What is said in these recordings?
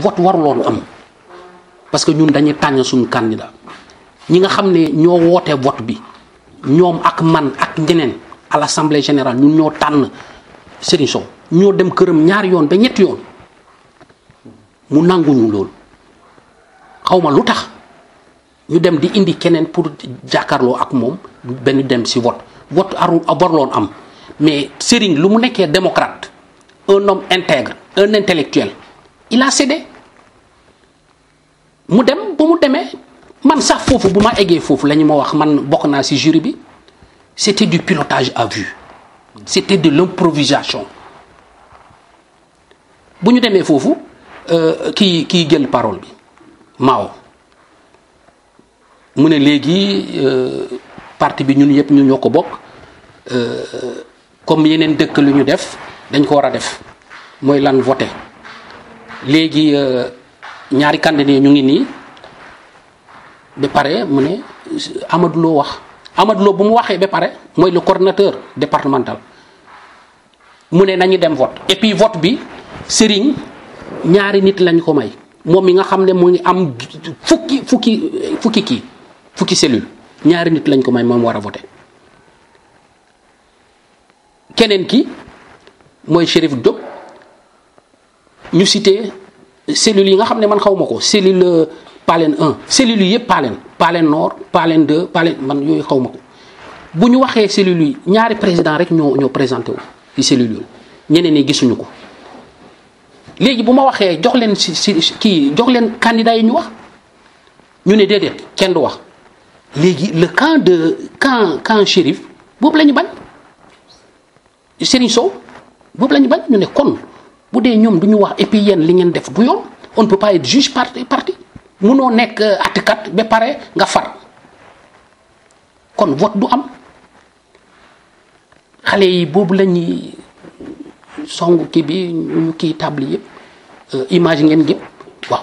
vote waruloon am parce que ñun dañuy tànn suñu candidat ñi nga xam ne ñoo woote vote bi ñoom ak man ak ñeneen à l' assemblée générale ñun ñoo tànn Serigne Sow ñoo dem këram ñaari yoon ba ñetti yoon mu nanguñu loolu xawma lu tax ñu dem di indi keneen pour jàkkarloo ak moom benn dem si vote vote aru warloon am mais Serigne lu mu nekkee démocrate un homme intègre un intellectuel il a mu dem ba mu demee man sax foofu bu ma eggee foofu la ñu ma wax man bokk naa si jury bi c'était du pilotage à vue c'était de l'improvisation bu ñu demee foofu euh, kii kii jël parole bi Mao mu ne léegi euh, parti bi ñun yëpp ñu ñoo ko bokk euh, comme yeneen dëkk lu ñu def dañ ko war a def mooy lan voté léegi. ñaari candidat ñu ngi nii ba pare mu ne Amadou wax Amadou bu mu waxee ba pare mooy le coordonnateur départemental mu ne nañu dem vote et puis vote bi sëriñ ñaari nit lañ ko may moom mi nga xam ne mu ngi am fukki fukki fukki kii fukki cellule ñaari nit lañ ko may moom war a voté keneen ki mooy Chérif Diop ñu cité cellules yi nga xam ne man xaw ma ko cellule palen 1 cellules yi yëpp palen palen noor palen 2 palen man yooyu xaw ma ko bu ñu waxee cellules yi ñaari président rek ñoo ñoo présenté wu ci cellules ñeneen ñi gisuñu ko léegi bu ma waxee jox leen si si kii jox leen candidat yi ñu wax ñu ne déedéet kenn du wax léegi le camp de camp camp shérif boobu lañu ñu bañ Serigne Sow boobu la ñu bañ ñu ne kon bu dee ñoom du ñu wax et puis li ngeen def du yoon on ne peut pas être juge munoo nekk euh, attikat ba pare nga far kon vote du am xale yi boobu la ñuy song kii bi ñu kii table yëpp euh, image ngeen yëpp waaw.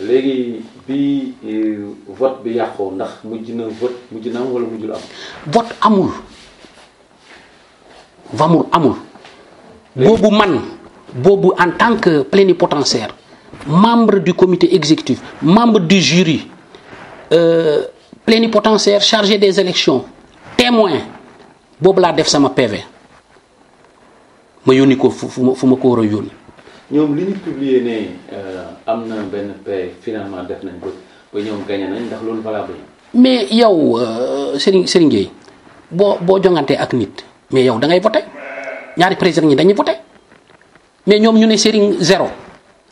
léegi bi euh, vote bi yàqoo ndax mujj na vote mujj na am wala mujjul am. vote amul. vamul amul. boobu man boobu en tant que plénipotentiaire membre du comité exécutif membre du jury euh, plénipotentiaire chargé des élections témoin boobu laa def sama PV ma yónni ko fu ma fu ma ko war yónni. ñoom li ñu publier ne euh, am na benn paie finalement def nañ ko ba ñoom gagné nañ ndax loolu valable mais yow euh, Serigne Serigne Gueye boo boo jongantee ak nit mais yow da ngay voté ñaari président ñi dañu voté mais ñoom ñu ne Serigne zéro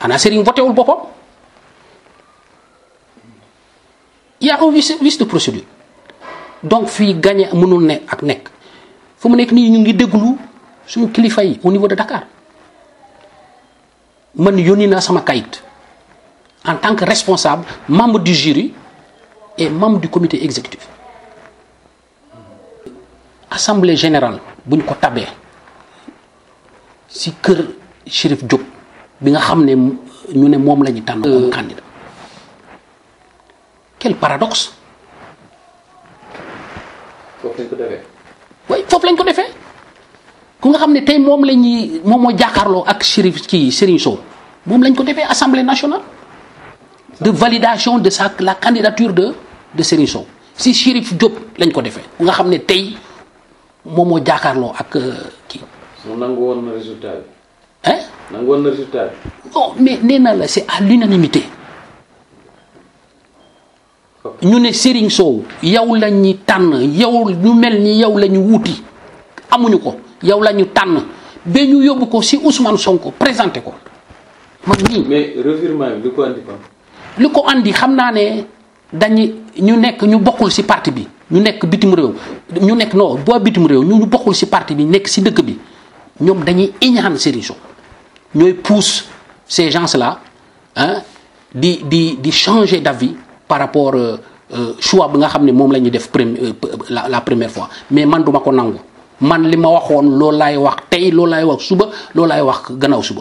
xanaa Serigne voté wul boppam y a vice vice de procédure donc fii gagné mënul ne ak nekk fu mu nekk nii ñu ngi déglu suñu kilifa yi au niveau de Dakar man yónni naa sama kayit en tant que responsable membre du jury et membre du comité exécutif assemblée générale bu ñu ko tabee si kër Chérif Diop bi nga xam ne ñu ne moom la ñu tànn comme euh, candidat quel paradoxe. foofu lañ ko defee. ku nga xam ne tey moom la ñuy moom moo jàkkaarloo ak Chérif kii Serigne Sow moom lañ ko defee assemblée nationale. de validation de sa la candidature de de Serigne si Chérif Diop lañ ko defee. ku nga xam ne tey moom moo jàkkaarloo ak euh, kii. mu nangu woon na résultat bi. hein mais nee la c'est à l'unanimité ñu ne sëriñ Sow yow la ñuy tànn yow ñu mel ni yow la ñu wuuti amuñu ko yow la ñu tànn be ñu yóbbu ko si Ousmane Sonko présenté ko man nii. lu ko indi xam naa ne dañu ñu nekk ñu bokkul si parti bi ñu nekk bitim réew ñu nekk non boo bitim réew ñu bokkul si parti bi nekk si dëkk bi. ñoom dañuy iñaan Serigne ñooy pousse ces gens là ah di di di changer d'avis par rapport euh, euh, choix bi nga xam ne moom la ñuy def premier euh, la première fois mais man duma ko nangu man li ma waxoon loolu laay wax tey loolu laay wax suba loolu laay wax gannaaw suba.